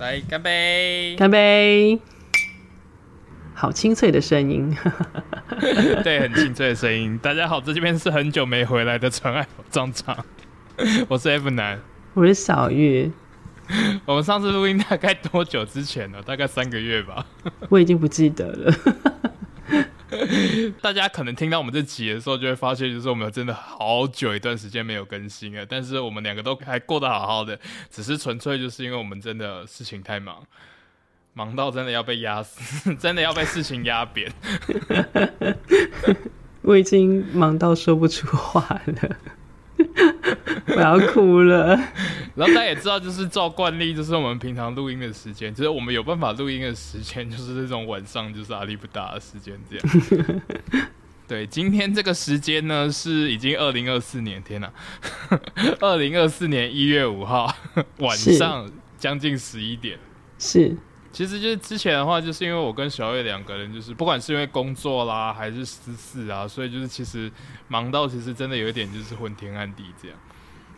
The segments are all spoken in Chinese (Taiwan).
來乾杯！乾杯！好清脆的聲音， 對，很清脆的聲音。大家好，這邊是很久沒回來的純愛火葬場，我是 F 男，我是小月。我們上次錄音大概多久之前了？大概三個月吧， 我已經不記得了。大家可能聽到我們這集的時候，就會發現，就是我們真的好久一段時間沒有更新了。但是我們兩個都還過得好好的，只是純粹就是因為我們真的事情太忙，忙到真的要被壓死，真的要被事情壓扁。 我已經忙到說不出話了。 我要哭了 然後大家也知道，就是照慣例，就是我們平常錄音的時間，就是我們有辦法錄音的時間，就是這種晚上，就是阿里不達的時間這樣。 對，今天這個時間呢，是已經二零二四年，天哪，二零二四年一月五號晚上將近十一點。是。是其實就是之前的話，就是因為我跟小月兩個人，就是不管是因為工作啦，還是私事啊，所以就是其實忙到其實真的有一點就是昏天暗地這樣。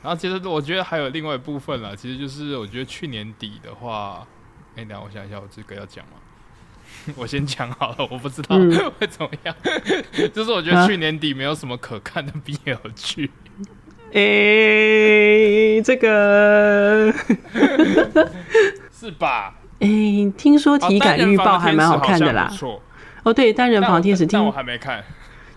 然後其實我覺得還有另外一部分啦，其實就是我覺得去年底的話，哎，那我想一下，我這個要講嗎？我先講好了，我不知道、嗯、 會怎麼樣。 就是我覺得去年底沒有什麼可看的必要去。哎，這個 是吧？哎，聽說《體感預報》還蠻好看的啦。哦，哦對，單人房天使，聽。但我還沒看。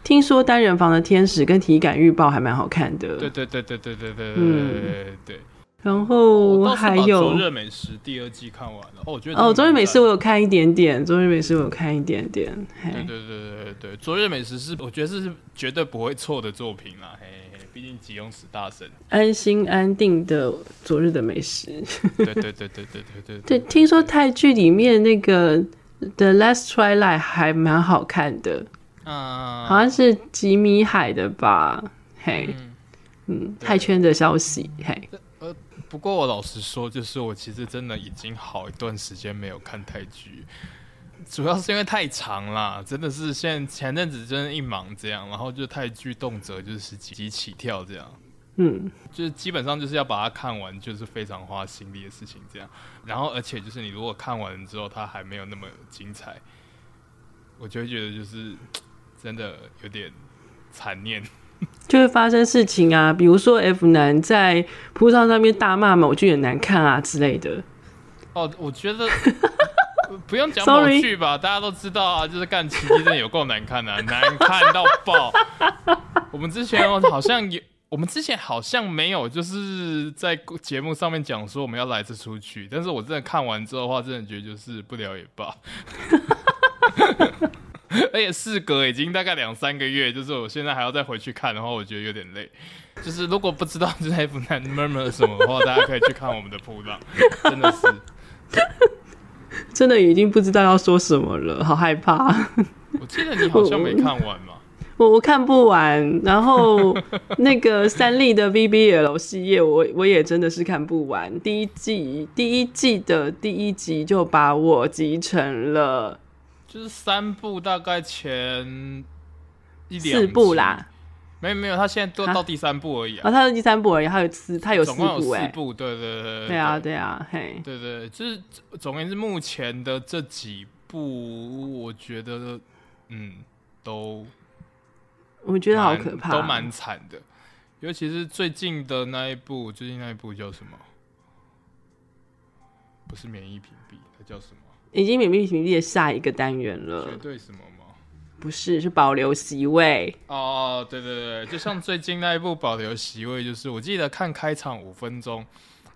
聽說單人房的天使跟《體感預報》還蠻好看的。對對對對對對對、嗯、對，對，對對。然後還有《昨日美食》第二季看完了哦，我覺得哦，《昨日美食》我有看一點點，嗯，《昨日美食》我有看一點點。嗯、對，對，對對對對對，《昨日美食》是我覺得是絕對不會錯的作品啦、啊。嘿。畢竟急用死大神，安心安定的昨日的美食。對對對對對對對對，聽說泰劇裡面那個《The Last Twilight》還蠻好看的，嗯，好像是吉米海的吧？嘿，嗯，嗯，泰圈的消息，嘿，呃，不過我老實說，就是我其實真的已經好一段時間沒有看泰劇。主要是因為太長了，真的是現前陣子真是一忙這樣，然後就太劇動輒就是十幾集起跳這樣，嗯，就是基本上就是要把它看完，就是非常花心力的事情這樣。然後，而且就是你如果看完之後，它還沒有那麼精彩，我就會覺得就是真的有點殘念。就會發生事情啊，比如說 F 男在鋪上上面大罵某劇很難看啊之類的。哦，我覺得。 不用講恐懼吧，Sorry. 大家都知道啊，就是幹奇蹟真的有夠難看的，啊，難看到爆。 我們之前好像有，我們之前好像沒有，就是在節目上面講說我們要來一次出去，但是我真的看完之後的話，真的覺得就是不了也罷。 而且事隔已經大概兩三個月，就是我現在還要再回去看的話，我覺得有點累。就是如果不知道就是黑粉、murmur 什麼的話， 大家可以去看我們的鋪浪，真的是。 真的已經不知道要說什麼了，好害怕。 我記得你好像沒看完嘛？ 我我看不完，然後 那個三立的 VBL 系列，我我也真的是看不完。第一季，第一季的第一集就把我集成了，就是三部大概前一四部啦。沒有沒有，他現在都到第三部而、啊啊哦、而已。啊，他是第三部而已，他有四，他有四部哎、欸。總共有四部，啊，對對對。對啊對啊，嘿。對對，就是總而言之，目前的這幾部，我覺得，嗯，都，我覺得好可怕，都蠻慘的。尤其是最近的那一部，最近那一部叫什麼？不是免疫屏蔽，它叫什麼？已經免疫屏蔽的下一個單元了。絕對什麼？不是，是保留席位哦。對對對，就像最近那一部保留席位，就是我記得看開場五分鐘，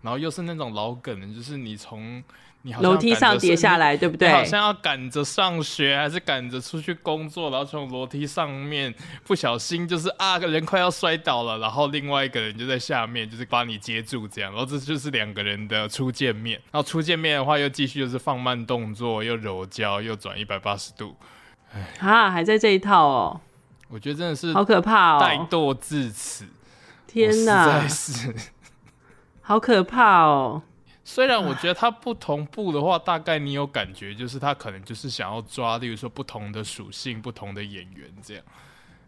然後又是那種老梗，就是你從你好像樓梯上跌下來，對不對？好像要趕着上學，還是趕着出去工作，然後從樓梯上面不小心就是啊，人快要摔倒了，然後另外一個人就在下面，就是把你接住，這樣。然後這就是兩個人的初見面。然後初見面的話，又繼續就是放慢動作，又柔焦，又轉一百八十度。啊，還在這一套哦！我覺得真的是好可怕哦，怠惰至此，天哪，實在是、啊、 好可怕哦。雖然我覺得他不同步的話，大概你有感覺，就是他可能就是想要抓，例如說不同的屬性、不同的演員這樣。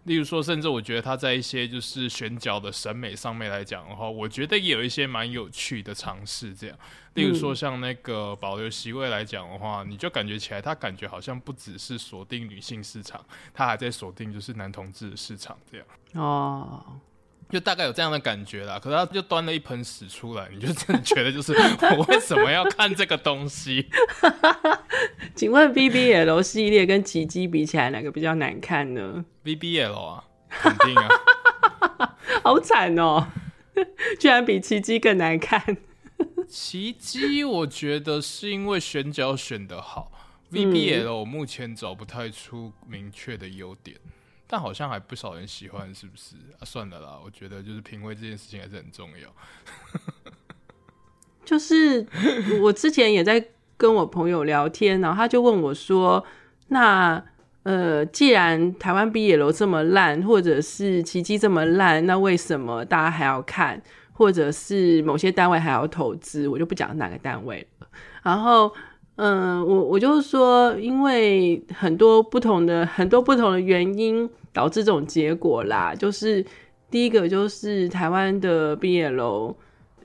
例如說，甚至我覺得他在一些就是選角的審美上面來講的話，我覺得也有一些蠻有趣的嘗試這樣。例如說，像那個保留席位來講的話、嗯，你就感覺起來，他感覺好像不只是鎖定女性市場，他還在鎖定就是男同志的市場這樣。哦，就大概有這樣的感覺啦。可是他就端了一盆屎出來，你就真的覺得就是我為什麼要看這個東西？ 請問 BBL 系列跟奇蹟比起來，哪個比較難看呢？BBL 啊，肯定啊， 好慘慘哦、喔， 居然比奇蹟更難看。奇蹟，我覺得是因為選角選得好。V B L，我目前找不太出明確的優點、嗯，但好像還不少人喜歡，是不是？啊，算了啦。我覺得就是品味這件事情還是很重要。 就是我之前也在跟我朋友聊天，然後他就問我說：“那呃，既然台灣 V B L 這麼爛，或者是奇蹟這麼爛，那為什麼大家還要看？”或者是某些單位還要投資，我就不講哪個單位。然後，嗯，我我就說，因為很多不同的、很多不同的原因導致這種結果啦。就是第一個，就是台灣的畢業樓。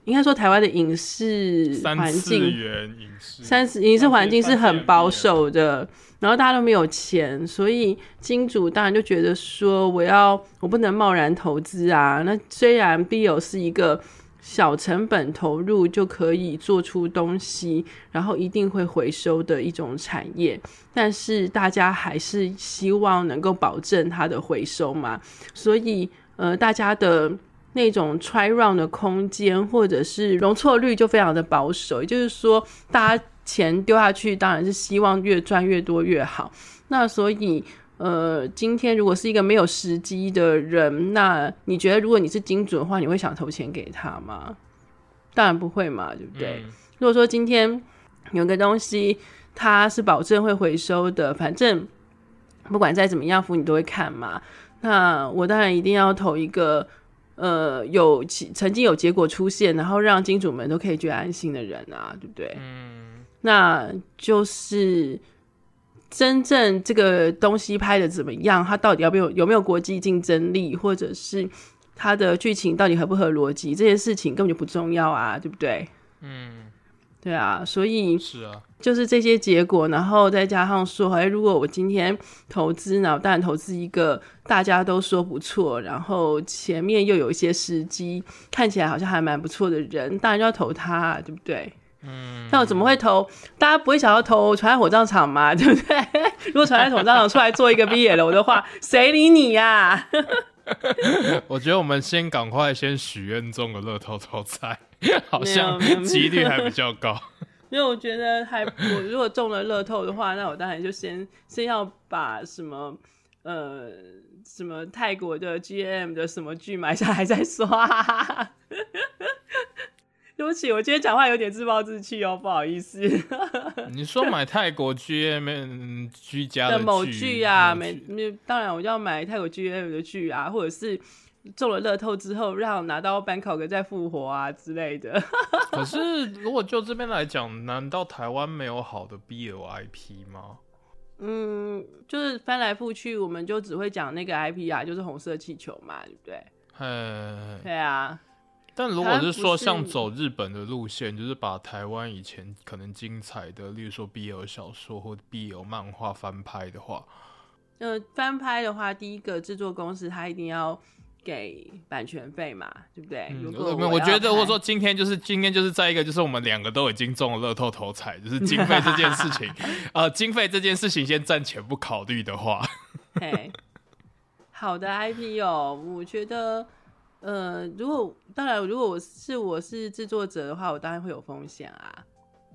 應該說，台灣的影視環境，影視三影視環境是很保守的，然後大家都沒有錢，所以金主當然就覺得說，我要我不能貿然投資啊。那雖然 B 有是一個小成本投入就可以做出東西，然後一定會回收的一種產業，但是大家還是希望能夠保證它的回收嘛。所以呃，大家的。那種 try round 的空間或者是容錯率就非常的保守，也就是說，大家錢丟下去，當然是希望越賺越多越好。那所以，呃，今天如果是一個沒有時機的人，那你覺得，如果你是精準的話，你會想投錢給他嗎？當然不會嘛，對不對？嗯、如果說今天有個東西它是保證會回收的，反正不管再怎麼樣，你都會看嘛。那我當然一定要投一個。呃，有曾經有結果出現，然後讓金主們都可以覺得安心的人啊，對不對？嗯，那就是真正這個東西拍的怎麼樣，它到底有沒有有沒有國際競爭力，或者是它的劇情到底合不合邏輯，這些事情根本就不重要啊，對不對？嗯，對啊，所以是啊。就是這些結果，然後再加上說，哎，如果我今天投資呢，當然投資一個大家都說不錯，然後前面又有一些時機，看起來好像還蠻不錯的人，當然就要投他啊，對不對？嗯。那我怎麼會投？大家不會想要投傳菜火葬場嘛，對不對？如果傳菜火葬場出來做一個 B 股的話，誰 理你呀？ 我覺得我們先趕快先許願中個樂透頭彩，好像幾率還比較高。 因為我覺得還我如果中了樂透的話，那我當然就先先要把什麼呃什麼泰國的 G M 的什麼劇買下來再刷。 對不起，我今天講話有點自暴自棄哦，不好意思。 你說買泰國 G M、嗯、居家的劇，的某劇啊，某劇。沒，沒，當然我要買泰國 G M 的劇啊，或者是。做了樂透之後，讓拿到 Bangkok 再復活啊之類的。可是 如果就這邊來講，難道台灣沒有好的 BL IP 嗎？嗯，就是翻來覆去，我們就只會講那個 IP 啊，就是紅色氣球嘛，對不對？Hey, 對啊。但如果是說像走日本的路線，是就是把台灣以前可能精彩的，例如說 BL 小說或 BL 漫畫翻拍的話，呃，翻拍的話，第一個製作公司它一定要。給版權費嘛，對不對？嗯、我，我覺得，如果說今、就是，今天就是今天就是再一個就是我們兩個都已經中了樂透頭彩，就是經費這件事情， 呃，經費這件事情先暫且不考慮的話 好的 IP 哦，我覺得，呃，如果當然，如果我是我是制作者的話，我當然會有風險啊，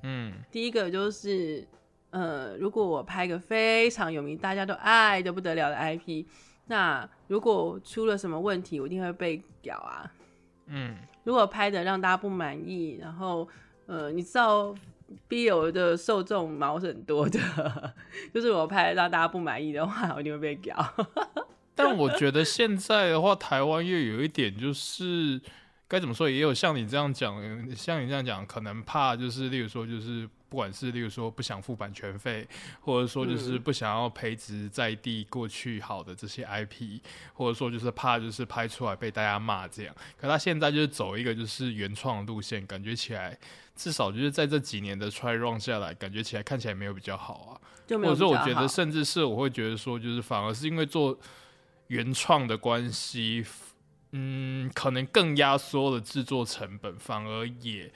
嗯，第一個就是，呃，如果我拍個非常有名、大家都愛得不得了的 IP。那如果出了什麼問題，我一定會被咬啊。嗯，如果拍的讓大家不滿意，然後呃，你知道 B 有的受眾毛很多的，就是我拍的讓大家不滿意的話，我一定會被咬。但我覺得現在的話， 台灣又有一點就是。該怎麼說？也有像你這樣講，像你這樣講，可能怕就是，例如說，就是不管是例如說不想付版權費，或者說就是不想要培植在地過去好的這些 IP，或者說就是怕就是拍出來被大家罵這樣。可他現在就是走一個就是原創路線，感覺起來至少就是在這幾年的 try run 下來，感覺起來看起來沒有比較好啊。就沒有比較好或者說，我覺得甚至是我會覺得說，就是反而是因為做原創的關係。嗯，可能更壓縮了製作成本，反而也，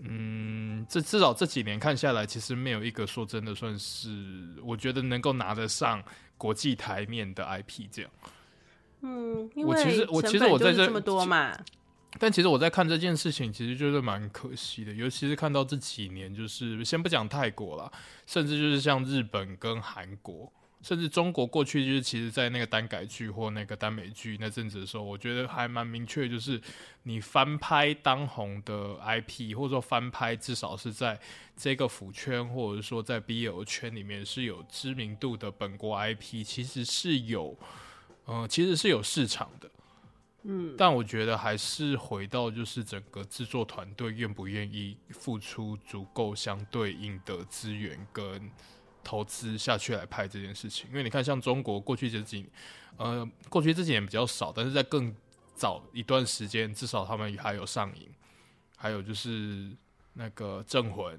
嗯，這至少這幾年看下來，其實沒有一個說真的算是，我覺得能夠拿得上國際台面的 IP 這樣。嗯，因為我其實我其實我在這這麼多嘛，但其實我在看這件事情，其實就是蠻可惜的，尤其是看到這幾年，就是先不講泰國啦，甚至就是像日本跟韓國。甚至中國過去就是，其實，在那個耽改劇，或那個耽美劇那陣子的時候，我覺得還蠻明確，就是你翻拍當紅的 IP，或者說翻拍至少是在這個腐圈，或者說在 BL 圈裡面是有知名度的本國 IP，其實是有，呃，其實是有市場的。嗯，但我覺得還是回到就是整個制作團隊願不願意付出足夠相對應的資源跟。投資下去來拍這件事情，因為你看，像中國過去這幾年，呃，過去這幾年比較少，但是在更早一段時間，至少他們還有上映，還有就是那個《鎮魂》，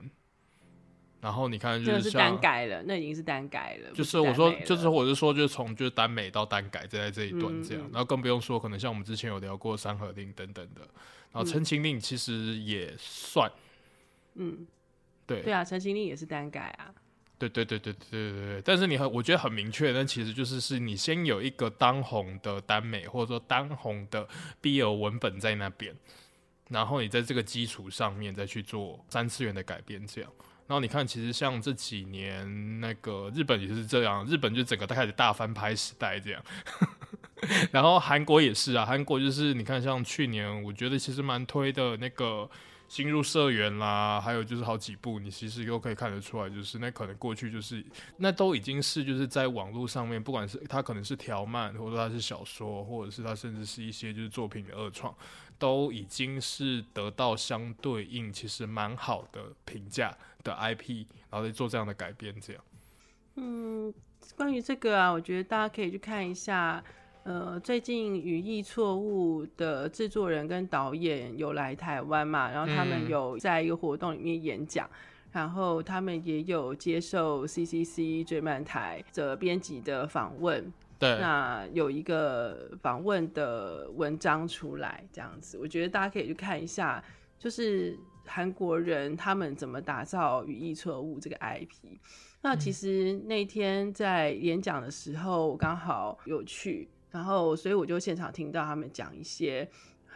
然後你看就是像，就、這個、是單改了，那已經是單改了。是了就是我說，就是我是說，就是從就是耽美到單改，在這一段這樣、嗯嗯，然後更不用說，可能像我們之前有聊過《山河令》等等的，然後《陳情令》其實也算嗯，嗯，對，對啊，《陳情令》也是單改啊。對對對對對對對，但是你很，我覺得很明確，但其實就是是你先有一個當紅的耽美，或者說當紅的 BL 文本在那邊，然後你在這個基礎上面再去做三次元的改編，這樣。然後你看，其實像這幾年那個日本也是這樣，日本就整個開始大翻拍時代這樣。 然後韓國也是啊，韓國就是你看，像去年我覺得其實蠻推的那個。新入社員啦，還有就是好幾部，你其實又可以看得出來，就是那可能過去就是那都已經是就是在網絡上面，不管是它可能是條漫，或者它是小說，或者是它甚至是一些就是作品的二創，都已經是得到相對應其實蠻好的評價的 IP，然後再做這樣的改編，這樣。嗯，關於這個啊，我覺得大家可以去看一下。呃，最近《語義錯誤》的製作人跟導演有來台灣嘛，然後他們有在一個活動裡面演講，嗯，然後他們也有接受 CCC 追漫台的編輯的訪問。對，那有一個訪問的文章出來，這樣子，我覺得大家可以去看一下，就是韓國人他們怎麼打造《語義錯誤》這個 IP。那其實那天在演講的時候，我剛好有去。然後，所以我就現場聽到他們講一些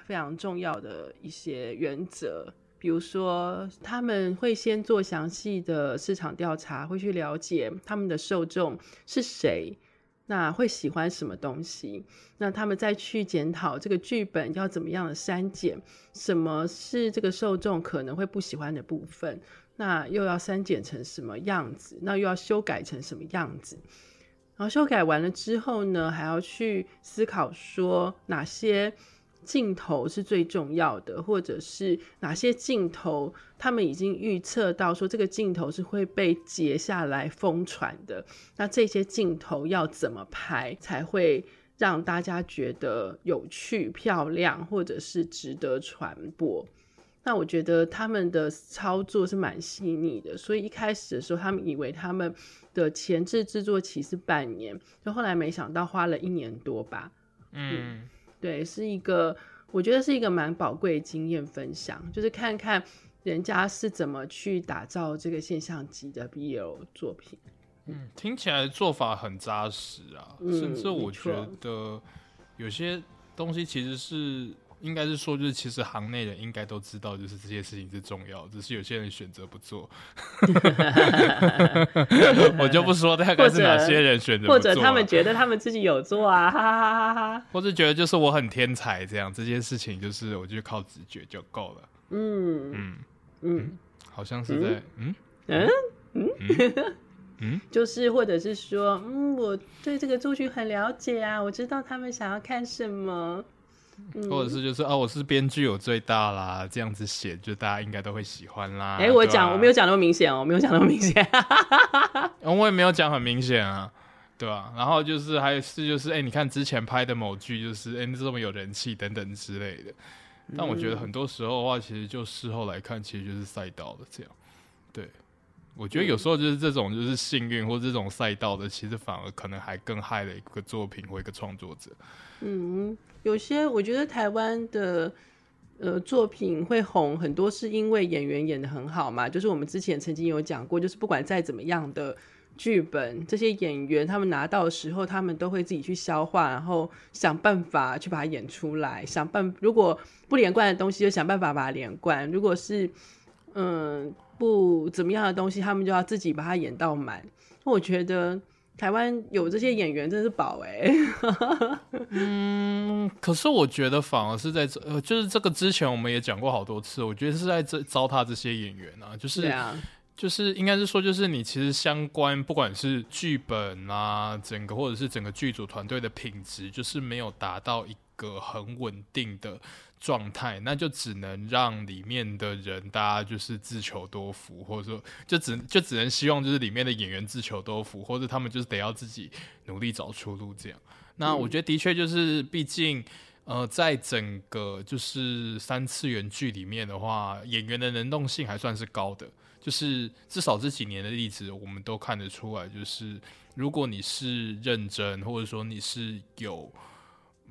非常重要的一些原則，比如說他們會先做詳細的市場調查，會去了解他們的受眾是誰，那會喜歡什麼東西，那他們再去檢討這個劇本要怎麼樣的刪減，什麼是這個受眾可能會不喜歡的部分，那又要刪減成什麼樣子，那又要修改成什麼樣子。修改完了之後呢，還要去思考說哪些鏡頭是最重要的，或者是哪些鏡頭他們已經預測到說這個鏡頭是會被截下來瘋傳的，那這些鏡頭要怎麼拍才會讓大家覺得有趣、漂亮，或者是值得傳播？那我覺得他們的操作是蠻細膩的，所以一開始的時候他們以為他們的前置制作期是半年，就後來沒想到花了一年多吧嗯。嗯，對，是一個，我覺得是一個蠻寶貴的經驗分享，就是看看人家是怎麼去打造這個現象級的 BL 作品。嗯，聽起來做法很扎實啊，嗯，甚至我覺得有些東西其實是。應該是說，就是其實行內人應該都知道，就是這些事情是重要，只是有些人選擇不做。 我就不說大概是哪些人選擇或，或者他們覺得他們自己有做啊，哈哈哈，哈！或者覺得就是我很天才，這樣這件事情就是我就靠直覺就夠了。嗯嗯嗯，好像是在嗯嗯嗯嗯，嗯，就是或者是說，嗯，我對這個族群很了解啊，我知道他們想要看什麼。或者是就是、嗯、哦，我是編劇，我最大啦，這樣子寫就大家應該都會喜歡啦。哎、欸，我講、啊、我沒有講那麼明顯哦，我沒有講那麼明顯、 嗯，我也沒有講很明顯啊，對吧、啊？然後就是還有是就是哎、欸，你看之前拍的某劇就是哎、欸、這麼有人氣等等之類的、嗯。但我覺得很多時候的話，其實就事後來看，其實就是賽道的這樣。對，我覺得有時候就是這種就是幸運、嗯，或這種賽道的，其實反而可能還更害了一個作品或一個創作者。嗯。有些我覺得台灣的呃作品會紅，很多是因為演員演得很好嘛。就是我們之前曾經有講過，就是不管再怎麼樣的劇本，這些演員他們拿到的時候，他們都會自己去消化，然後想辦法去把它演出來。想辦，如果不連貫的東西，就想辦法把它連貫；如果是嗯、呃、不怎麼樣的東西，他們就要自己把它演到滿。我覺得。台灣有這些演員，真的是寶哎。嗯，可是我覺得反而是在這，呃，就是這個之前我們也講過好多次，我覺得是在這糟蹋這些演員啊，就是、對啊、就是應該是說，就是你其實相關不管是劇本啊，整個或者是整個劇組團隊的品質，就是沒有達到一個很穩定的。狀態，那就只能讓裡面的人，大家就是自求多福，或者說，就只就只能希望就是裡面的演員自求多福，或者他們就是得要自己努力找出路這樣。那我覺得的確就是，畢竟，呃，在整個就是三次元劇裡面的話，演員的能動性還算是高的，就是至少這幾年的例子，我們都看得出來，就是如果你是認真，或者說你是有。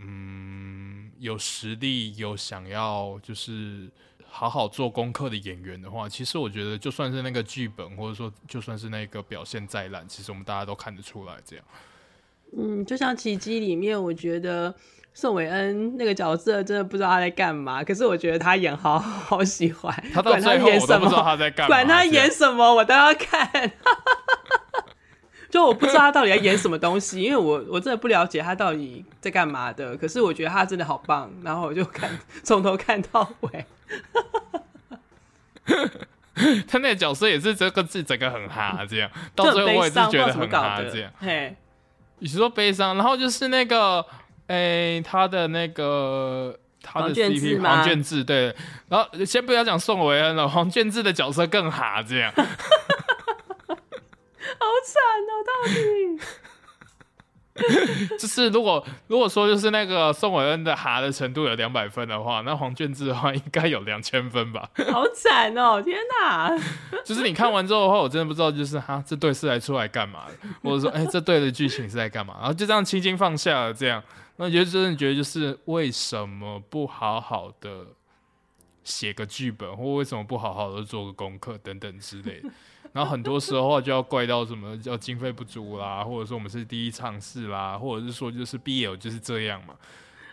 嗯，有實力、有想要，就是好好做功課的演員的話，其實我覺得，就算是那個劇本，或者說就算是那個表現再爛，其實我們大家都看得出來這樣。嗯，就像《奇蹟》裡面，我覺得宋偉恩那個角色真的不知道他在幹嘛，可是我覺得他演好好喜歡。他到最後我都不知道他在幹嘛，管他演什麼，什麼我都要看。 就我不知道他到底在演什麼東西， 因為我我真的不了解他到底在幹嘛的。可是我覺得他真的好棒，然後我就看從頭看到尾。 他那個角色也是這個字整個很哈這樣，到最後我也是覺得很哈這樣。你說悲傷， 然後就是那個誒、欸、他的那個他的 CP 黃建志，建志對，然後先不要講宋維恩了，黃建志的角色更哈這樣。 好慘哦、喔！到底 就是如果如果說就是那個宋偉恩的哈的程度有兩百分的話，那黃俊志的話應該有兩千分吧？好慘哦、喔！天哪！就是你看完之後的話，我真的不知道，就是哈這對是來出來幹嘛的？或者說，哎、欸、這對的劇情是在幹嘛？然後就這樣輕輕放下了，這樣那我覺得真的覺得就是為什麼不好好的寫個劇本，或為什麼不好好的做個功課等等之類的？ 然後很多時候就要怪到什麼叫經費不足啦，或者說我們是第一嘗試啦，或者是說就是必有就是這樣嘛。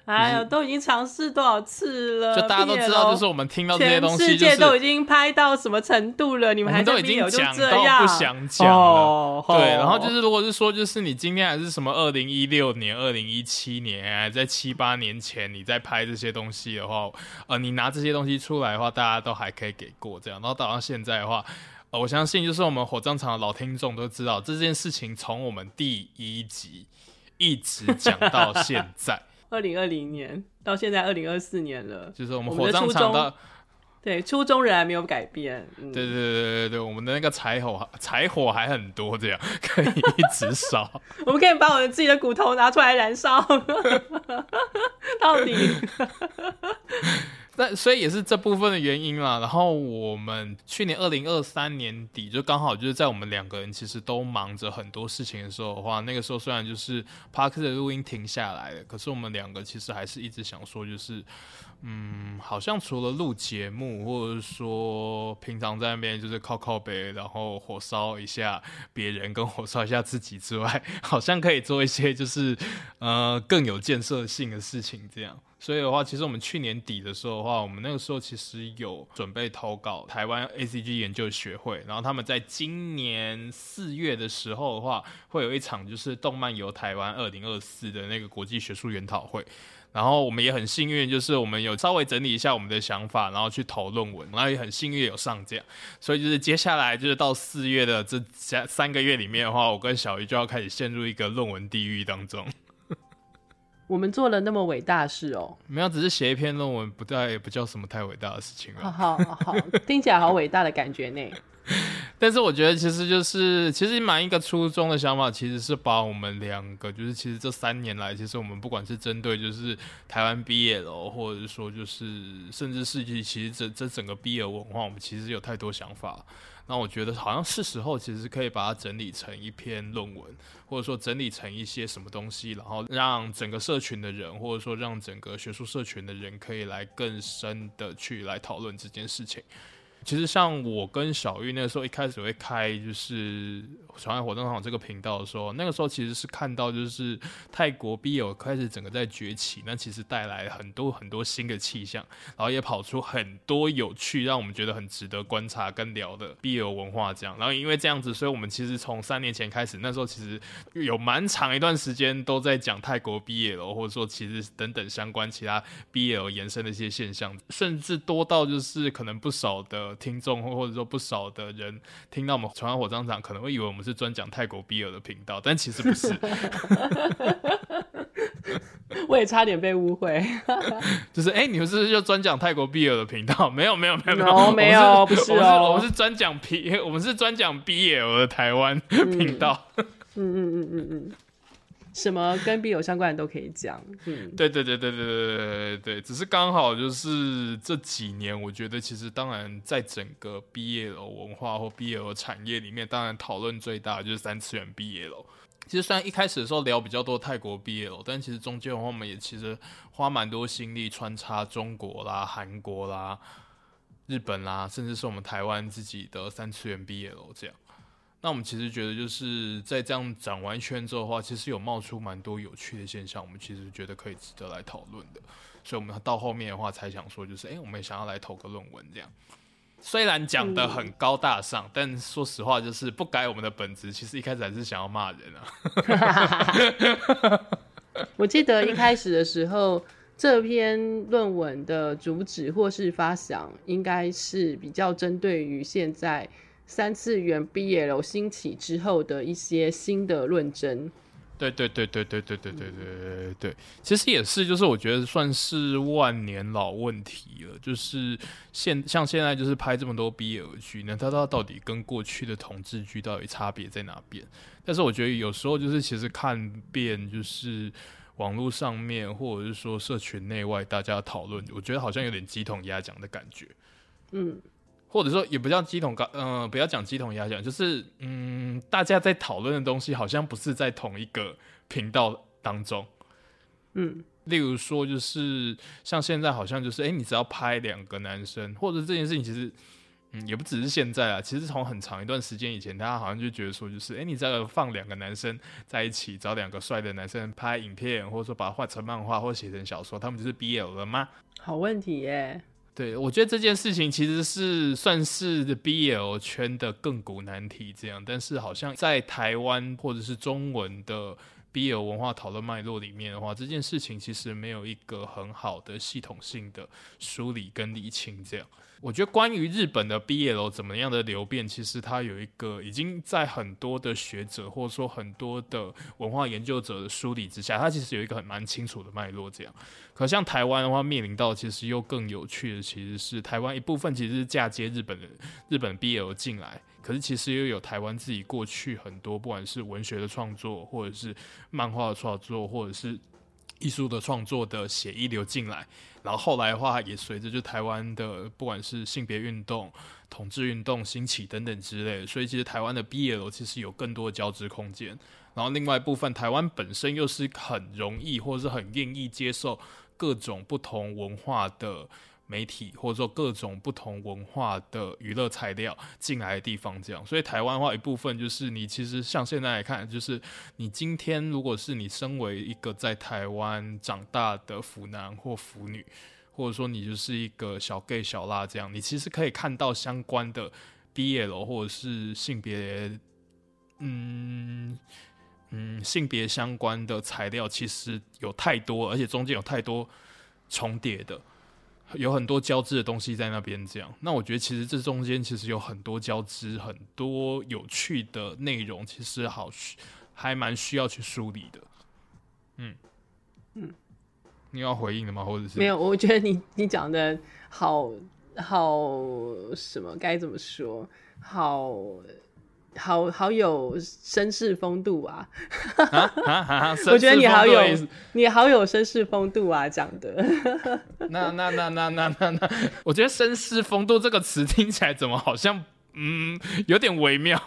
哎呦，都已經嘗試多少次了，就大家都知道，就是我們聽到這些東西，世界都已經拍到什麼程度了，你們還都已經講到不想講。對，然後就是如果是說，就是你今天還是什麼二零一六年、二零一七年，啊，在七八年前你在拍這些東西的話，呃，你拿這些東西出來的話，大家都還可以給過這樣。然後到到現在的話。我相信，就是我們火葬場的老聽眾都知道這件事情，從我們第一集一直講到現在，二零二零年到現在二零二四年了，就是我們火葬場到的，對，初衷仍然沒有改變。對、嗯、對對對對，我們的那個柴火柴火還很多，這樣可以一直燒。 我們可以把我們自己的骨頭拿出來燃燒， 到底。 那所以也是這部分的原因嘛。然後我們去年二零二三年底就剛好就是在我們兩個人其實都忙着很多事情的時候的話，那個時候雖然就是 Park 的錄音停下來了，可是我們兩個其實還是一直想說，就是嗯，好像除了錄節目，或者說平常在那邊就是靠靠北，然後火燒一下別人，跟火燒一下自己之外，好像可以做一些就是呃更有建設性的事情這樣。所以的話，其實我們去年底的時候的話，我們那個時候其實有準備投稿台灣 ACG 研究學會。然後他們在今年四月的時候的話，會有一場就是動漫遊台灣二零二四的那個國際學術研討會。然後我們也很幸運，就是我們有稍微整理一下我們的想法，然後去投論文，然後也很幸運有上架。所以就是接下來就是到四月的這三三個月裡面的話，我跟小魚就要開始陷入一個論文地獄當中。我們做了那麼偉大的事哦，沒有，只是寫一篇論文不帶，不叫也不叫什麼太偉大的事情了。好好好，聽起來好偉大的感覺呢。 但是我覺得，其實就是其實蠻一個初衷的想法，其實是把我們兩個，就是其實這三年來，其實我們不管是針對就是台灣 BL，或者說就是甚至世至其實這這整個 BL 文化，我們其實有太多想法。那我覺得好像是時候，其實可以把它整理成一篇論文，或者說整理成一些什麼東西，然後讓整個社群的人，或者說讓整個學術社群的人，可以來更深的去來討論這件事情。其實像我跟小玉那個時候一開始會開就是傳愛火葬場這個頻道的時候，那個時候其實是看到就是泰國 BL 開始整個在崛起，那其實帶來很多很多新的氣象，然後也跑出很多有趣讓我們覺得很值得觀察跟聊的 BL 文化這樣。然後因為這樣子，所以我們其實從三年前開始，那時候其實有蠻長一段時間都在講泰國 BL，或者說其實等等相關其他 BL 延伸的一些現象，甚至多到就是可能不少的。聽眾或者說不少的人聽到我們《床下火葬場》，可能會以為我們是專講泰國 BL 的頻道，但其實不是。 我也差點被誤會， 就是哎、欸，你們是不是就專講泰國 BL 的頻道？沒有沒有沒有沒有哦，沒有，沒有 no, 是 no, 是 no, 不是哦，我們是專講 P，我們是專講 BL 的台灣頻道。嗯嗯嗯嗯嗯。什麼跟 BL 相關的都可以講。嗯，對對對對對對對對對，只是剛好就是這幾年，我覺得其實當然在整個 BL 文化或 BL 產業裡面，當然討論最大的就是三次元 BL。其實雖然一開始的時候聊比較多泰國 BL，但其實中間的話，我們也其實花蠻多心力穿插中國啦、韓國啦、日本啦，甚至是我們台灣自己的三次元 BL 這樣。那我們其實覺得就是在這樣講完一圈之後的話，其實有冒出蠻多有趣的現象，我們其實覺得可以值得來討論的。所以，我們到後面的話才想說，就是哎、欸，我們也想要來投個論文這樣。雖然講得很高大上，嗯、但說實話，就是不改我們的本質。其實一開始還是想要罵人啊。 我記得一開始的時候，這篇論文的主旨或是發想，應該是比較針對於現在。三次元 BL 興起之後的一些新的論爭，對對對對對對對對對對,對,、嗯對，其實也是，就是我覺得算是萬年老問題了，就是現像現在就是拍這麼多 BL 劇那它它到底跟過去的同志劇到底差別在哪邊？但是我覺得有時候就是其實看遍就是網絡上面或者是說社群內外大家討論，我覺得好像有點雞同鴨講的感覺，嗯。或者說也，也不叫雞同狗，嗯，不要講雞同鴨講，就是，嗯，大家在討論的東西好像不是在同一個頻道當中，嗯，例如說，就是像現在好像就是，哎、欸，你只要拍兩個男生，或者這件事情其實，嗯，也不只是現在啊，其實從很長一段時間以前，大家好像就覺得說，就是，哎、欸，你只要放兩個男生在一起，找兩個帥的男生拍影片，或者說把它畫成漫畫或寫成小說，他們就是 BL 了嗎？好問題耶、欸。對，我覺得這件事情其實是算是 BL 圈的亙古難題這樣，但是好像在台灣或者是中文的 BL 文化討論脈絡裡面的話，這件事情其實沒有一個很好的系統性的梳理跟理清這樣。我覺得關於日本的 BL 怎麼樣的流變，其實它有一個已經在很多的學者或者說很多的文化研究者的梳理之下，它其實有一個很蠻清楚的脈絡，這樣，可像台灣的話，面臨到其實又更有趣的，其實是台灣一部分其實是嫁接日本的日本的 BL 進來，可是其實又有台灣自己過去很多不管是文學的創作，或者是漫畫的創作，或者是藝術的創作的寫意流進來。然後後來的話，也隨着就台灣的不管是性別運動、同志運動興起等等之類的，所以其實台灣的 BL 其實有更多的交織空間。然後另外一部分，台灣本身又是很容易或者是很願意接受各種不同文化的。媒體或者說各種不同文化的娛樂材料進來的地方，這樣，所以台灣的話，一部分就是你其實像現在來看，就是你今天如果是你身為一個在台灣長大的腐男或腐女，或者說你就是一個小 gay 小辣這樣，你其實可以看到相關的 BL 或者是性別，嗯嗯，性別相關的材料其實有太多，而且中間有太多重疊的。有很多交織的東西在那邊，這樣。那我覺得其實這中間其實有很多交織，很多有趣的內容，其實好，還蠻需要去梳理的。嗯嗯，你要回應的嗎？或者是沒有？我覺得你你講的好好，什麼該怎麼說好？好好有紳士風度啊， 啊，啊，啊風度！我覺得你好有你好有紳士風度啊，講的 那那那那那那那，那，我覺得“紳士風度”這個詞聽起來怎麼好像嗯有點微妙？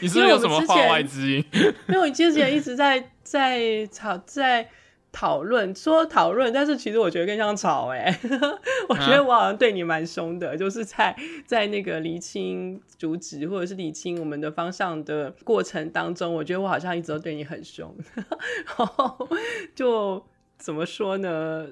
你是不是有什麼話外之音？因為我，之前， 因為我之前一直在在吵在。討論說討論，但是其實我覺得更像吵，哎、欸。啊、 我覺得我好像對你蠻凶的，就是在在那個理清主旨或者是理清我們的方向的過程當中，我覺得我好像一直都對你很凶。 然後就怎麼說呢？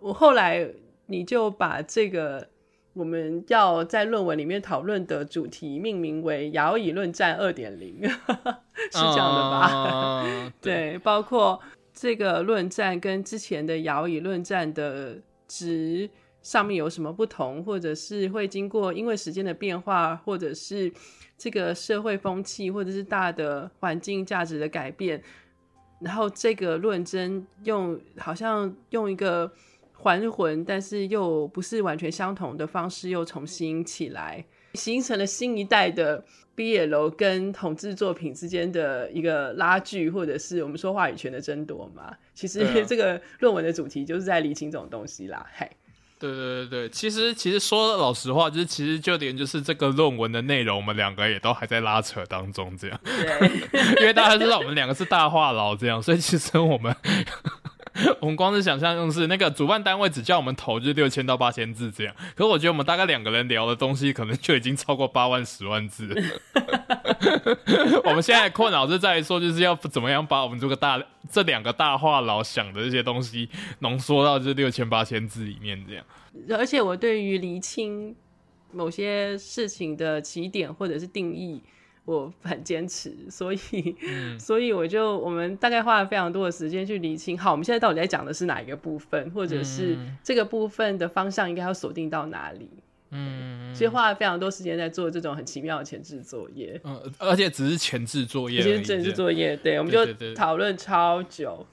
我後來你就把這個我們要在論文裡面討論的主題命名為“搖椅論戰二點零”， 是這樣的吧？Oh, 對，包括。這個論戰跟之前的搖椅論戰的值上面有什麼不同，或者是會經過因為時間的變化，或者是這個社會風氣，或者是大的環境價值的改變，然後這個論爭用好像用一個還魂，但是又不是完全相同的方式，又重新起來。形成了新一代的 BL 跟同志作品之間的一個拉鋸，或者是我們說話語權的爭奪嘛。其實這個論文的主題就是在釐清這種東西啦。嗨、啊，對對對對，其實其實說老實話，就是其實就連就是這個論文的內容，我們兩個也都還在拉扯當中這樣。對， 因為大家知道我們兩個是大話癆這樣， 所以其實我們。 我們光是想象，就是那個主辦單位只叫我們投，就六千到八千字這樣。可是我覺得我們大概兩個人聊的東西，可能就已經超過八萬、十萬字了。 我們現在困擾是在說，就是要怎麼樣把我們這個大這兩個大話癆想的這些東西濃縮到就是，濃縮到這六千八千字裡面這樣。而且我對於釐清某些事情的起點或者是定義。我很堅持，所以，嗯、所以我就我們大概花了非常多的時間去釐清，好，我們現在到底在講的是哪一個部分，或者是這個部分的方向應該要鎖定到哪裡？嗯，所以花了非常多時間在做這種很奇妙的前置作業。嗯，而且只是前置作、作業，只是前置作業，對，我們就討論超久。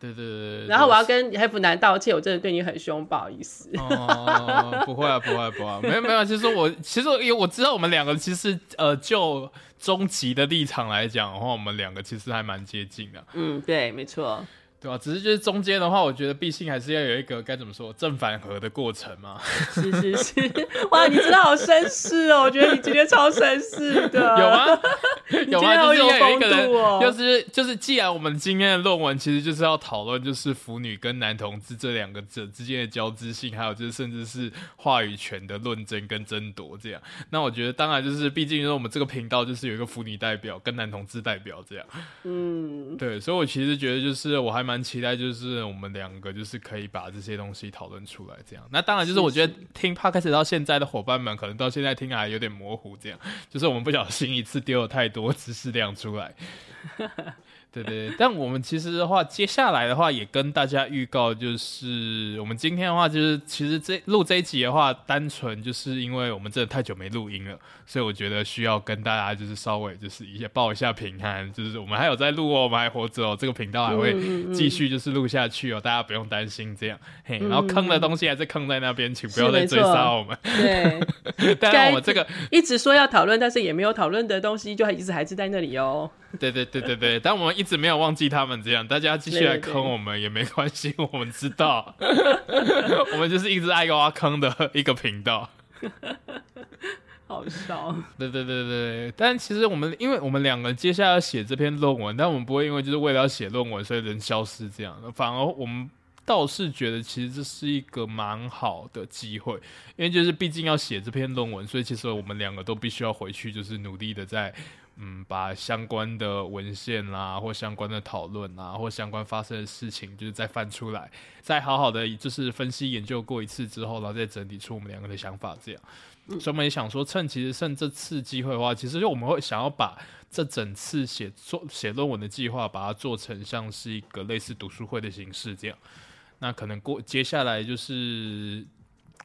對對對對，然後我要跟黑夫男道歉，我真的對你很凶，不好意思。哦， 不會啊，不會啊，不會啊，不會啊，沒有，沒有，其實我，其實我，我知道我們兩個其實，呃，就終極的立場來講的話，我們兩個其實還蠻接近的。嗯，對，沒錯。對啊，只是就是中間的話，我覺得畢竟還是要有一個該怎麼說正反合的過程嘛。是是是，哇，你真的好紳士哦！ 我覺得你今天超紳士的。有啊， 有啊很 有風度哦。就是就是，既然我們今天的論文其實就是要討論，就是腐女跟男同志這兩個者之間的交織性，還有就是甚至是話語權的論爭跟爭奪這樣。那我覺得當然就是，畢竟說我們這個頻道就是有一個腐女代表跟男同志代表這樣。嗯，對，所以我其實覺得就是我還。蠻期待，就是我們兩個就是可以把這些東西討論出來，這樣。那當然，就是我覺得聽 Podcast 到現在的夥伴們，可能到現在聽還有點模糊，這樣。就是我們不小心一次丟了太多知識量出來。 對對，但我們其實的話，接下來的話也跟大家預告，就是我們今天的話，就是其實這錄這一集的話，單純就是因為我們真的太久沒錄音了，所以我覺得需要跟大家就是稍微就是一些報一下平安，就是我們還有在錄哦，我們還活着哦，這個頻道還會繼續就是錄下去哦，嗯嗯嗯，大家不用擔心這樣。嘿，然後坑的東西還是坑在那邊，嗯嗯，請不要再追殺我們。對， 但我們這個一直，一直說要討論，但是也沒有討論的東西，就還一直還是在那裡哦。 對對對對對，但我們一直沒有忘記他們這樣，大家繼續來坑我們也沒關係， 我們知道， 我們就是一直愛挖坑的一個頻道， 好笑。對對對對對，但其實我們因為我們兩個接下來要寫這篇論文，但我們不會因為就是為了要寫論文，所以人消失這樣，反而我們，倒是覺得其實這是一個蠻好的機會，因為就是畢竟要寫這篇論文，所以其實我們兩個都必須要回去，就是努力的再嗯把相關的文獻啦、啊，或相關的討論啦、或相關發生的事情，就是再翻出來，再好好的就是分析研究過一次之後，然後再整理出我們兩個的想法。這樣，所以我們也想說，趁其實趁這次機會的話，其實就我們會想要把這整次寫作寫論文的計劃，把它做成像是一個類似讀書會的形式這樣。那可能過接下來就是，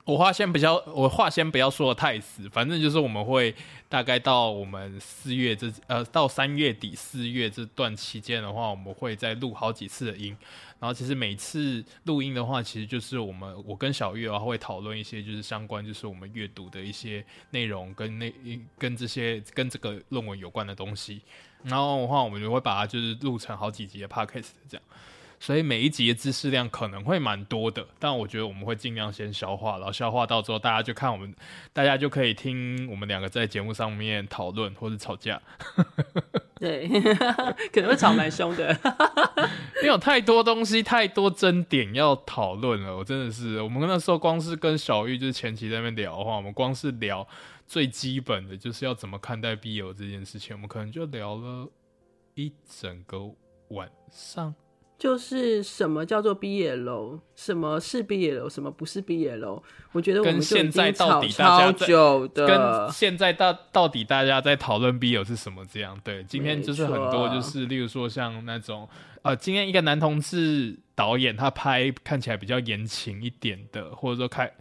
我話先比較，我話先不要說的太死，反正就是我們會大概到我們四月這呃到三月底四月這段期間的話，我們會再錄好幾次的音。然後其實每次錄音的話，其實就是我們我跟小月然後會討論一些就是相關就是我們閱讀的一些內容跟那跟這些跟這個論文有關的東西。然後的話，我們就會把它就是錄成好幾集的 podcast 這樣。所以每一集的知識量可能會蠻多的，但我覺得我們會儘量先消化，然後消化到之後，大家就看我們，大家就可以聽我們兩個在節目上面討論或者吵架。 對，可能會吵蠻兇的，因 為有太多東西、太多爭點要討論了。我真的是，我們那時候光是跟小玉就是前期在那邊聊的話，我們光是聊最基本的就是要怎麼看待 BL 這件事情，我們可能就聊了一整個晚上。就是什麼叫做 BL？什麼是 BL？什麼不是 BL？我覺得我們跟現在到底大家在超久的，跟現在到到底大家在討論 BL 是什麼這樣？對，今天就是很多，就是例如說像那種、呃，今天一個男同志導演他拍看起來比較言情一點的，或者說看啊、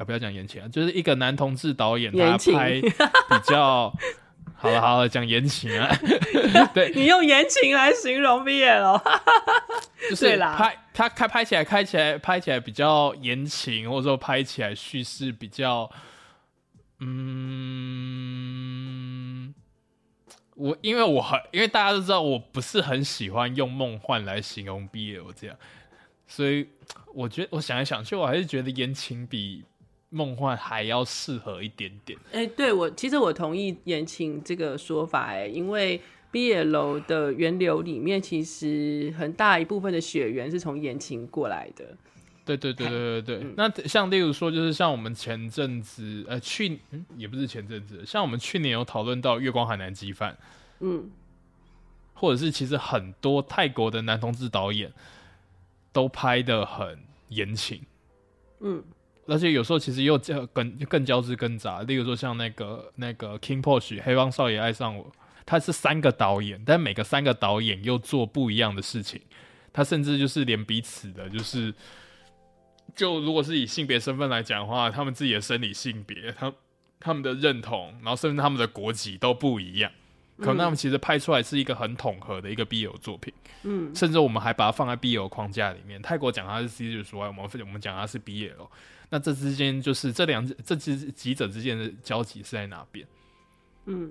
呃，不要講言情啊，就是一個男同志導演他拍比較。 好了好了，講言情啊。 對，你用言情來形容 BL 哦，對啦，拍他開拍起來，開起來拍起來比較言情，或者說拍起來敘事比較……嗯，我因為我很，因為大家都知道我不是很喜歡用夢幻來形容 BL，我這樣，所以我覺得我想來想去，我還是覺得言情比夢幻還要適合一點點。哎、嗯欸，對我其實我同意言情這個說法、欸，哎，因為 BL 的源流裡面其實很大一部分的血緣是從言情過來的。對對對對對對。那像例如說，就是像我們前陣子，呃，去、嗯、也不是前陣子，像我們去年有討論到《月光海南雞飯》，嗯，或者是其實很多泰國的男同志導演都拍得很言情，嗯。而且有時候其實又交更更交織更雜，例如說像那個那個 KinnPorsche 黑幫少爺愛上我，他是三個導演，但每個三個導演又做不一樣的事情。他甚至就是連彼此的，就是就如果是以性別身份來講的話，他們自己的生理性別，他他們的認同，然後甚至他們的國籍都不一樣。可他們其實拍出來是一個很統合的一個 BL 作品。嗯，甚至我們還把它放在 BL 框架裡面。泰國講它是 C G S，我們我們講它是 BL。那這之間就是這兩者這這幾者之間的交集是在哪邊？嗯，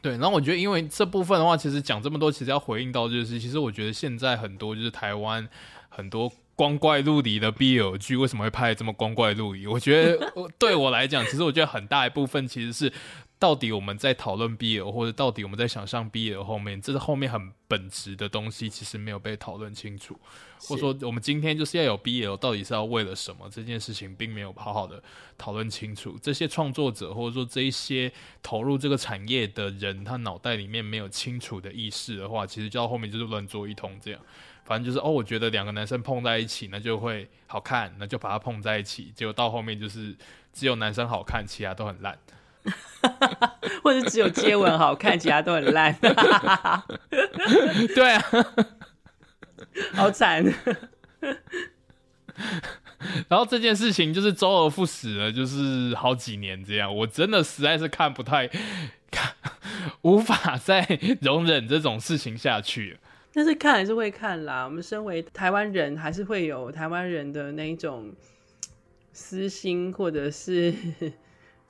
對。然後我覺得，因為這部分的話，其實講這麼多，其實要回應到就是，其實我覺得現在很多就是台灣很多光怪陸離的 BL 劇為什麼會拍這麼光怪陸離？我覺得 對我來講，其實我覺得很大一部分其實是。到底我們在討論 BL，或者到底我們在想象 BL 後面，這是後面很本質的東西，其實沒有被討論清楚。或者說，我們今天就是要有 BL，到底是要為了什麼？這件事情並沒有好好的討論清楚。這些創作者或者說這一些投入這個產業的人，他腦袋裡面沒有清楚的意識的話，其實就到後面就是亂做一通這樣。反正就是哦，我覺得兩個男生碰在一起，那就會好看，那就把它碰在一起。結果到後面就是只有男生好看，其他都很爛。 或者只有接吻好 看，其他都很爛。 對啊， 好慘慘。 然後這件事情就是周而復始了，就是好幾年這樣。我真的實在是看不太看，無法再容忍這種事情下去。但是看還是會看啦。我們身為台灣人，還是會有台灣人的那一種私心，或者是。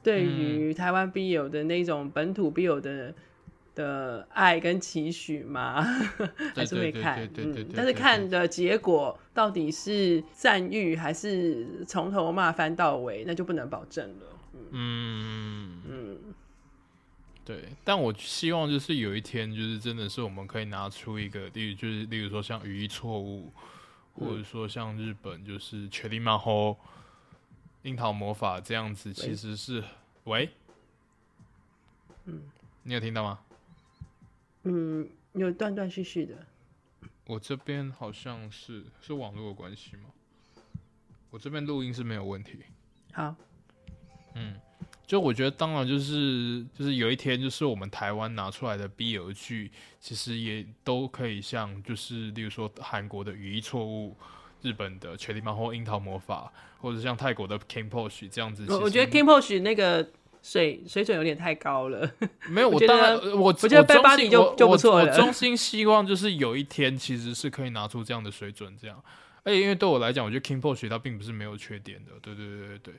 對於台灣必有的那種本土必有的、嗯、的,的愛跟期許嘛， 還是會看，但是看的結果到底是讚譽還是從頭罵翻到尾，那就不能保證了。嗯嗯,嗯，對，但我希望就是有一天，就是真的是我們可以拿出一個、嗯、例如，就是例如說像語義錯誤，嗯、或者說像日本就是全力罵吼櫻桃魔法這樣子其實是喂，喂，嗯，你有聽到嗎？嗯，有斷斷續續的。我這邊好像是是網絡的關係嗎？我這邊錄音是沒有問題。好，嗯，就我覺得當然就是就是有一天就是我們台灣拿出來的 BL 劇，其實也都可以像就是例如說韓國的語義錯誤。日本的《全地魔法》或《櫻桃魔法》，或者像泰國的《KinnPorsche》這樣子，我覺得《KinnPorsche》那個水水準有點太高了。沒有，我當然我 我覺得我八里就就不錯了。衷心，心，心希望就是有一天其實是可以拿出這樣的水準，這樣。 而且因為對我來講，我覺得《KinnPorsche》它並不是沒有缺點的。對對對對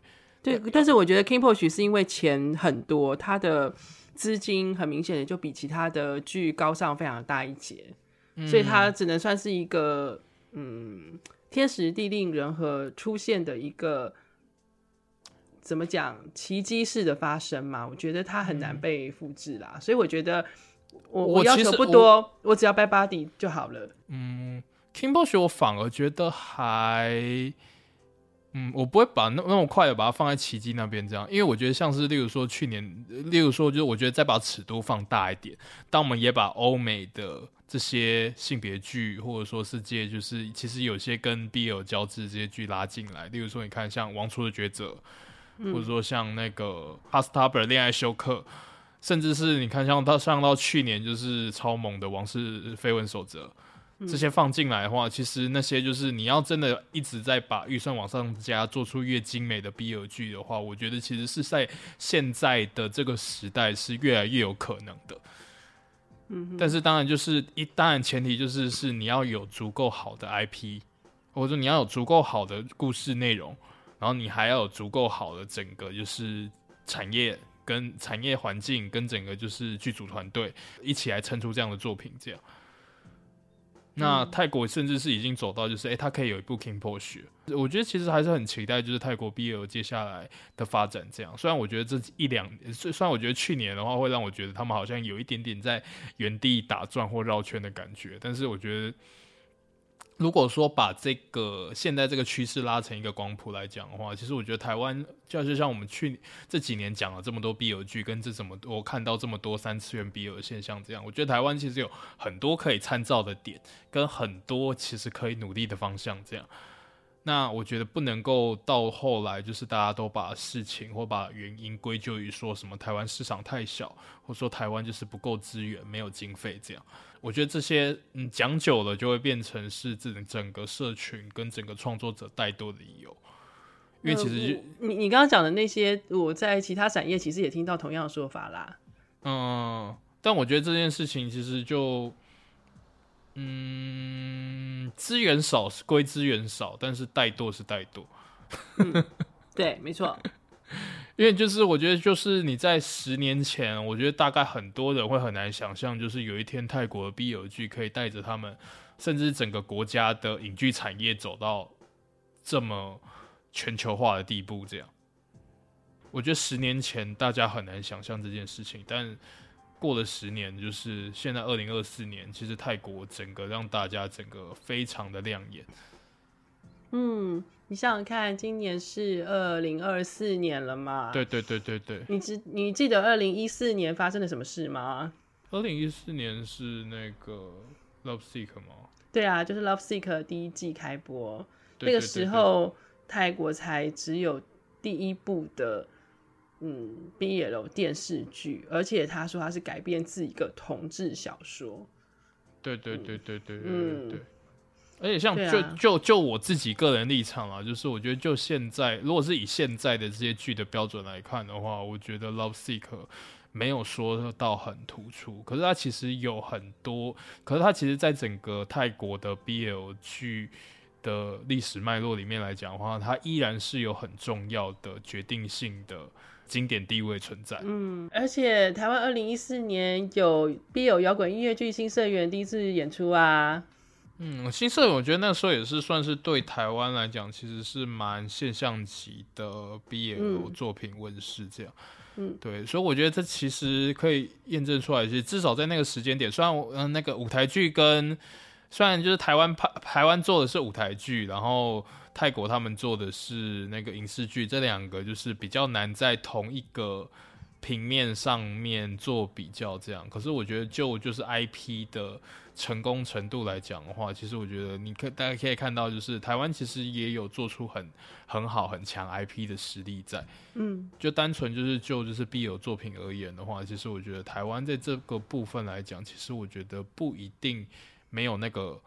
對。對，但是我覺得《KinnPorsche》是因為錢很多，他的資金很明顯的就比其他的劇高上非常大一截，嗯，所以他只能算是一個嗯。天時地利人和出現的一個怎麼講奇蹟式的發生嘛？我覺得它很難被複製啦、嗯，所以我覺得我我要求不多，我，我，我只要拜巴蒂就好了。嗯，Kimbo 雪我反而覺得還。嗯，我不會把那，那麼快的把它放在奇蹟那邊這樣，因為我覺得像是例如說去年，例如說就是我覺得再把尺度放大一點，當我們也把歐美的這些性別劇，或者說世界就是其實有些跟 BL 交織這些劇拉進來，例如說你看像《王儲的抉擇》，嗯，或者說像那個《Heartstopper 戀愛修課》，甚至是你看像他上到去年就是超猛的《王室緋聞守則》。這些放進來的話，其實那些就是你要真的一直在把預算往上加，做出越精美的 BL 劇的話，我覺得其實是在現在的這個時代是越來越有可能的。嗯，但是當然就是一當然前提就是是你要有足夠好的 IP，或者說你要有足夠好的故事內容，然後你還要有足夠好的整個就是產業跟產業環境跟整個就是劇組團隊一起來撐出這樣的作品，這樣。 那泰國甚至是已經走到就是，誒、欸，它可以有一部 KinnPorsche，我覺得其實還是很期待，就是泰國 BL 接下來的發展。這樣，雖然我覺得這一兩，雖然我覺得去年的話會讓我覺得他們好像有一點點在原地打轉或繞圈的感覺，但是我覺得。如果說把這個現在這個趨勢拉成一個光譜來講的話，其實我覺得台灣，就像我們去年這幾年講了這麼多 BL 劇，跟這怎麼我看到這麼多三次元 BL 現象這樣，我覺得台灣其實有很多可以參照的點，跟很多其實可以努力的方向這樣。那我覺得不能夠到後來，就是大家都把事情或把原因歸咎於說什麼台灣市場太小，或說台灣就是不夠資源、沒有經費這樣。我覺得這些嗯講久了就會變成是整整個社群跟整個創作者怠惰的理由，因為其實就你你剛剛講的那些，我在其他產業其實也聽到同樣的說法啦。嗯，但我覺得這件事情其實就。嗯，資源少是歸資源少，但是怠惰是怠惰、。 嗯、對，沒錯。因為就是我覺得，就是你在十年前，我覺得大概很多人會很難想象就是有一天泰國的 BL 劇可以帶着他們，甚至整個國家的影劇產業走到這麼全球化的地步。這樣，我覺得十年前大家很難想象這件事情，但。過了十年，就是現在二零二四年。其實泰國整個讓大家整個非常的亮眼。嗯，你想想看，今年是二零二四年了嗎？對對對對對。你記你記得二零一四年發生了什麼事嗎？二零一四年是那個《Love Sick》嗎？對啊，就是《Love Sick》第一季開播，對對對對對，那個時候泰國才只有第一部的。嗯，BL 電視劇，而且他說他是改編自一個同志小說。對對對對對，對對、對、嗯。而且像就、啊、就就、就我自己個人立場啊，就是我覺得就現在，如果是以現在的這些劇的標準來看的話，我覺得《Love Sick》沒有說到很突出，可是它其實有很多，可是它其實在整個泰國的 BL 劇的歷史脈絡裡面來講的話，它依然是有很重要的決定性的。經典地位存在。嗯，而且台灣二零一四年有 BL 搖滾音樂劇《新社員》第一次演出啊。嗯，《新社員》我覺得那時候也是算是對台灣來講，其實是蠻現象級的 BL 作品問世、嗯、這樣。嗯，對，所以我覺得這其實可以驗證出來，就是至少在那個時間點，雖然嗯那個舞台劇跟雖然就是台灣拍台灣做的是舞台劇，然後。泰國他們做的是那個影視劇，這兩個就是比較難在同一個平面上面做比較，這樣。可是我覺得就就是 IP 的成功程度來講的話，其實我覺得你可大家可以看到，就是台灣其實也有做出很很好很強 IP 的實力在。嗯，就單純就是就就是必有作品而言的話，其實我覺得台灣在這個部分來講，其實我覺得不一定沒有那個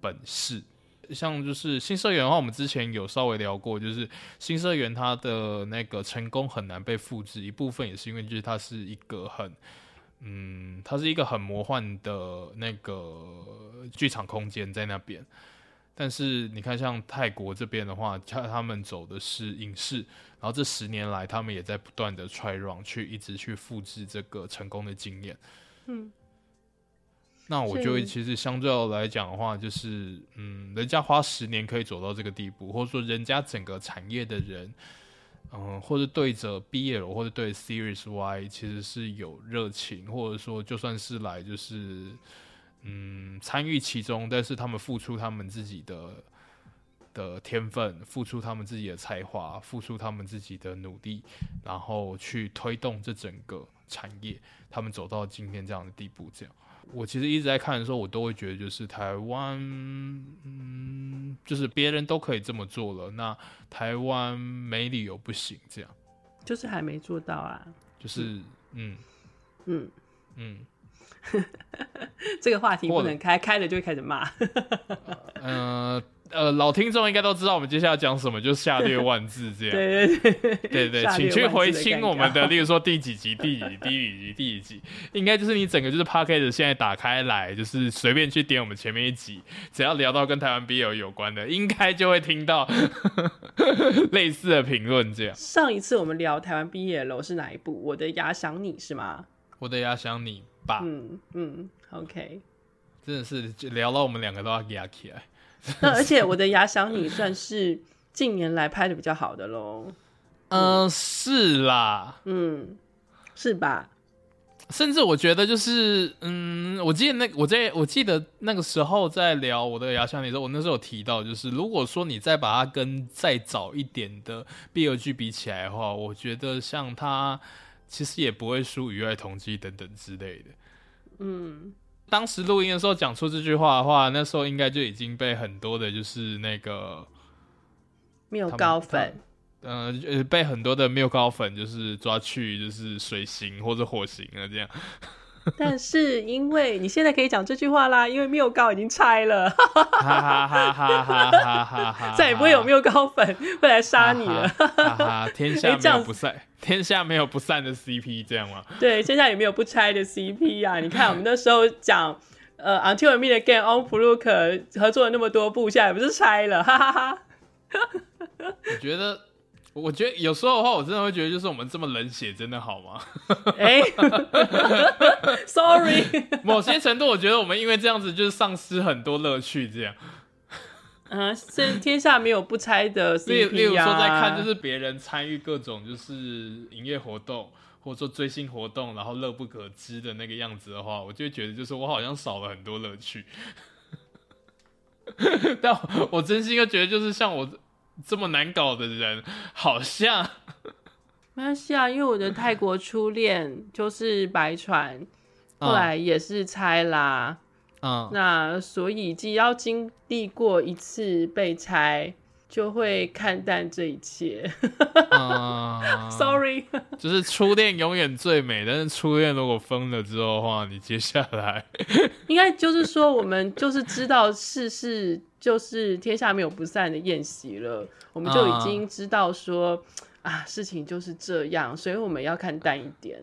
本事。像就是新社員的話，我們之前有稍微聊過，就是新社員他的那個成功很難被複製，一部分也是因為就是它是一個很，嗯，它是一個很魔幻的那個劇場空間在那邊。但是你看，像泰國這邊的話，他他們走的是影視，然後這十年來他們也在不斷的 try run 去一直去複製這個成功的經驗，嗯。那我覺得其實相對來講的話，就是，是嗯，人家花十年可以走到這個地步，或者說人家整個產業的人，嗯，或者對着 B L 或者對 Series Y 其實是有熱情，或者說就算是來就是嗯參與其中，但是他們付出他們自己的的天分，付出他們自己的才華，付出他們自己的努力，然後去推動這整個產業，他們走到今天這樣的地步，這樣。我其實一直在看的時候，我都會覺得，就是台灣，嗯，就是別人都可以這麼做了，那台灣沒理由不行，這樣。就是還沒做到啊。就是，嗯，嗯，嗯， 這個話題不能開，開了就會開始罵。嗯 呃。呃，老聽眾應該都知道，我們接下來講什麼，就是下略萬字這樣。對對對對對，對，請去回聽我們的，例如說第幾集、第幾、 第，幾第，幾第幾集、第幾集，應該就是你整個就是 Podcast 現在打開來，就是隨便去點我們前面一集，只要聊到跟台灣 BL 有關的，應該就會聽到 類似的評論這樣。上一次我們聊台灣 BL 是哪一部？我的牙想你是嗎？我的牙想你吧。嗯嗯，OK，真的是聊到我們兩個都要壓起來。 那而且我的牙想女算是近年來拍的比較好的嘍 、嗯，嗯是啦，嗯是吧？甚至我覺得就是嗯，我記得那個、我在我記得那個時候在聊我的牙想女的時候，我那時候有提到，就是如果說你再把它跟再早一點的 B 二 g 比起來的話，我覺得像它其實也不會輸《於愛同居》等等之類的，嗯。當時錄音的時候講出這句話的話，那時候應該就已經被很多的，就是那個，謬高粉，嗯、呃呃，被很多的謬高粉就是抓去，就是水刑或者火刑啊，這樣。 但是因為你現在可以講這句話啦，因為繆高已經拆了，哈哈哈，再也不會有繆高粉會來殺你了。 天下沒有不散、欸，天下沒有不散的 CP，這樣嗎？ 對，現在也沒有不拆的 CP 啊？ 你看我們那時候講呃，Until We Meet Again 跟 On Pruek、 嗯、合作了那麼多部，現在也不是拆了？ 我覺得？我覺得有時候的話，我真的會覺得，就是我們這麼冷血，真的好嗎？哎、 欸、 ，sorry， 某些程度，我覺得我們因為這樣子，就是喪失很多樂趣。這樣， 嗯，這天下沒有不拆的、啊。以例，例如說，在看就是別人參與各種就是營業活動，或者說追星活動，然後樂不可支的那個樣子的話，我就會覺得就是我好像少了很多樂趣。 但我，我真心又覺得，就是像我。這麼難搞的人，好像沒關係啊。因為我的泰國初戀就是白船， 後來也是拆啦、嗯、那所以只要經歷過一次被拆，就會看淡這一切。 嗯、 Sorry，就是初戀永遠最美，但是初戀如果分了之後的話，你接下來 應該就是說，我們就是知道世事。就是天下沒有不散的宴席了，我們就已經知道說，uh, 啊，事情就是這樣，所以我們要看淡一點。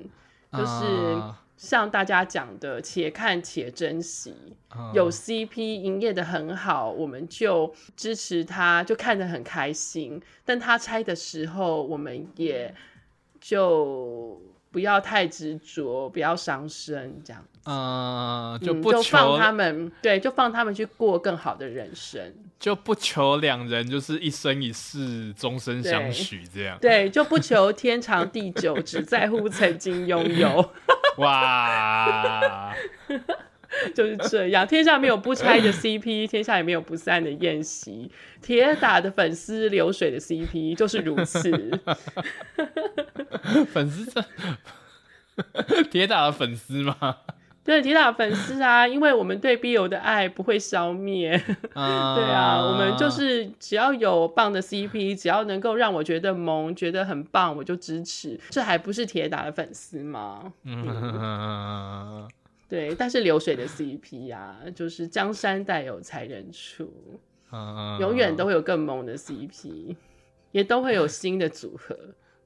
Uh, 就是像大家講的，且看且珍惜。Uh, 有 CP 營業得很好，我們就支持他，就看得很開心。但他拆的時候，我們也就。不要太執着，不要傷身，這樣子，呃。嗯，就不求放他們， 對，就放他們去過更好的人生，就不求兩人就是一生一世、終身相許這樣對。對，就不求天長地久， 只在乎曾經擁有。 哇。 就是這樣，天下沒有不拆的 CP， 天下也沒有不散的宴席。鐵打的粉絲，流水的 CP，就是如此。 粉絲絲這鐵 打的粉絲嗎？對，鐵打的粉絲啊，因為我們對 b i 的愛不會消滅。 對啊，我們就是只要有棒的 CP，只要能夠讓我覺得萌、覺得很棒，我就支持。這還不是鐵打的粉絲嗎？ 嗯。 對，但是流水的 CP 呀，啊， 就是江山代有才人出，嗯嗯，永遠都會有更猛的 CP，嗯、也都會有新的組合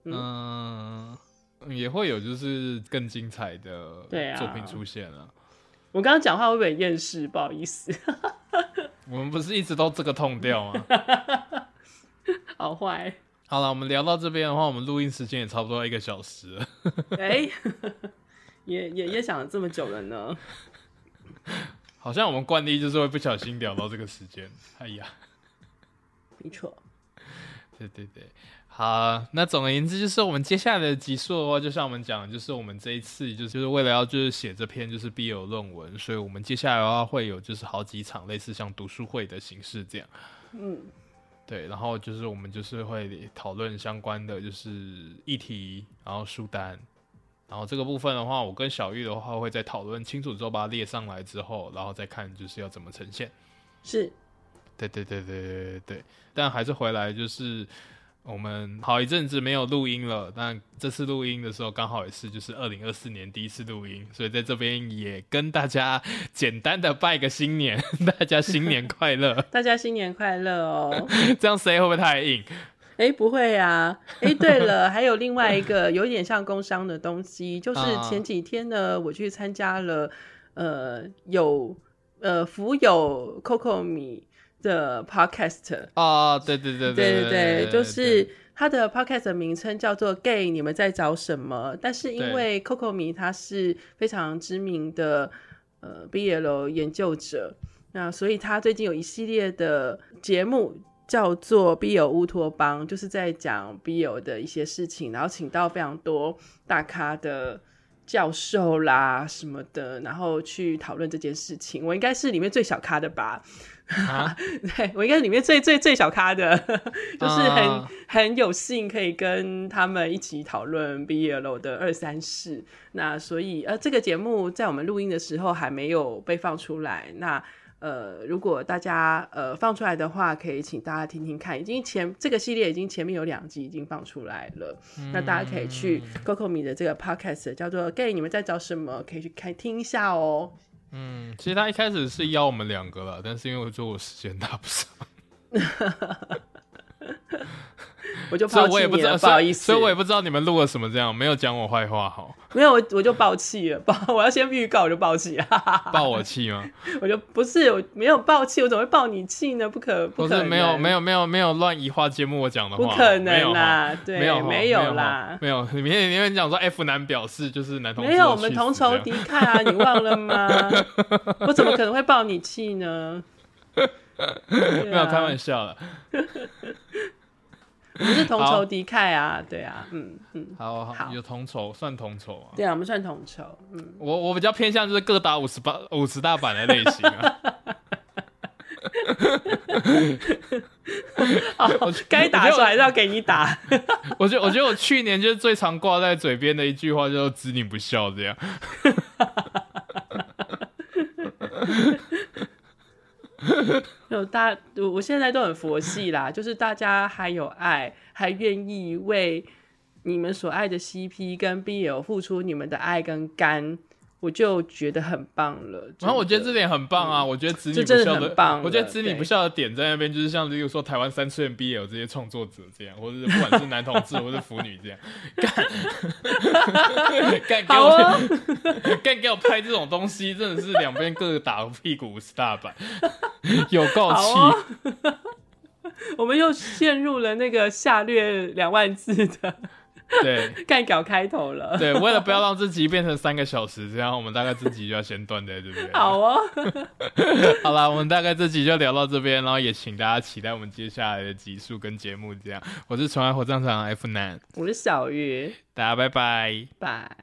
嗯，嗯，也會有就是更精彩的對作品出現了，啊啊。我剛剛講話會不會厭世？不好意思， 我們不是一直都這個痛掉嗎？ 好壞，好了，我們聊到這邊的話，我們錄音時間也差不多一個小時了。哎， 欸。 也也也想了這麼久了呢， 好像我們慣例就是會不小心聊到這個時間。 哎呀，沒錯，對對對，好。那總而言之，就是我們接下來的集數的話，就像我們講的，就是我們這一次就是就是為了要就是寫這篇就是畢業論文，所以我們接下來的話會有就是好幾場類似像讀書會的形式這樣。嗯，對，然後就是我們就是會討論相關的就是議題，然後書單。然後這個部分的話，我跟小玉的話會在討論清楚之後，把它列上來之後，然後再看就是要怎麼呈現。是，對對對對對對。但還是回來，就是我們好一陣子沒有錄音了，但這次錄音的時候剛好也是就是二零二四年第一次錄音，所以在這邊也跟大家簡單的拜個新年，大家新年快樂， 大家新年快樂哦。 這樣 say 會不會太硬？哎，不會啊。哎，對了， 還有另外一個有點像工商的東西，就是前幾天呢， 我去參加了，呃，有呃，福有 Coco 米的 Podcast 啊對對對對對對，對對對對對對，就是他的 Podcast 的名稱叫做 “Gay”，你們在找什麼？但是因為 Coco 米他是非常知名的呃 BL 研究者，那所以他最近有一系列的節目。叫做《BL 烏托邦》，就是在講 BL 的一些事情，然後請到非常多大咖的教授啦什麼的，然後去討論這件事情。我應該是裡面最小咖的吧？啊， 對我應該是裡面最最最小咖的，啊、 就是很很有幸可以跟他們一起討論 BL 的二三四。那所以呃，這個節目在我們錄音的時候還沒有被放出來。那呃，如果大家呃放出來的話，可以請大家聽聽看。已經前這個系列已經前面有兩集已經放出來了，嗯、那大家可以去 g o c o m i 的這個 Podcast 叫做《Gay》，你們在找什麼？可以去看聽一下哦。嗯，其實他一開始是邀我們兩個了，但是因為我做時間搭不上。 我就怕我也不知道，不好意思，所以，所以我也不知道你們錄了什麼，這樣沒有講我壞話好，好沒有，我我就爆氣了，爆我要先預告，我就爆氣，爆我氣 嗎？我就不是，我沒有爆氣，我怎麼會爆你氣呢？不可，不可能，不是，沒有，沒有，沒有，沒有亂移花接木，我講的話，不可能啦，對，沒有，沒有啦，沒有，你明你講說 F 男表示，就是男同，沒有，我們同仇敵愾啊，你忘了嗎？ 我怎麼可能會爆你氣呢？ 啊、沒有開玩笑了， 我們是同仇敵愾啊，對啊，嗯嗯，好好有同仇算同仇啊，對啊，我們算同仇，嗯，我我比較偏向就是各打五十八五十大板的類型啊， 我該打的還是要給你打， 我覺得我覺得我去年就是最常掛在嘴邊的一句話就是子女不孝這樣。 有大，我我現在都很佛系啦，就是大家還有愛，還願意為你們所愛的 CP 跟 BL 付出你們的愛跟肝。我就覺得很棒了，然後我覺得這點很棒啊！我覺得子，啊嗯、女不孝的、的棒我覺得子女不孝的點在那邊，就是像例如說台灣三次元 B 友這些創作者這樣，或者是不管是男同志或 是腐女這樣，幹 幹幹 給我，幹、哦、 給我拍這種東西，真的是兩邊各個打個屁股五十大板， 有夠氣。哦、 我們又陷入了那個下略兩萬字的。對，看搞開頭了。 對，為了不要讓自己變成三個小時， 這樣我們大概自己就要先斷的，對不對？好哦， 好啦，我們大概這集就聊到這邊，然後也請大家期待我們接下來的集數跟節目。這樣，我是《純愛火葬場》F 男，我是小玉，大家拜拜，拜。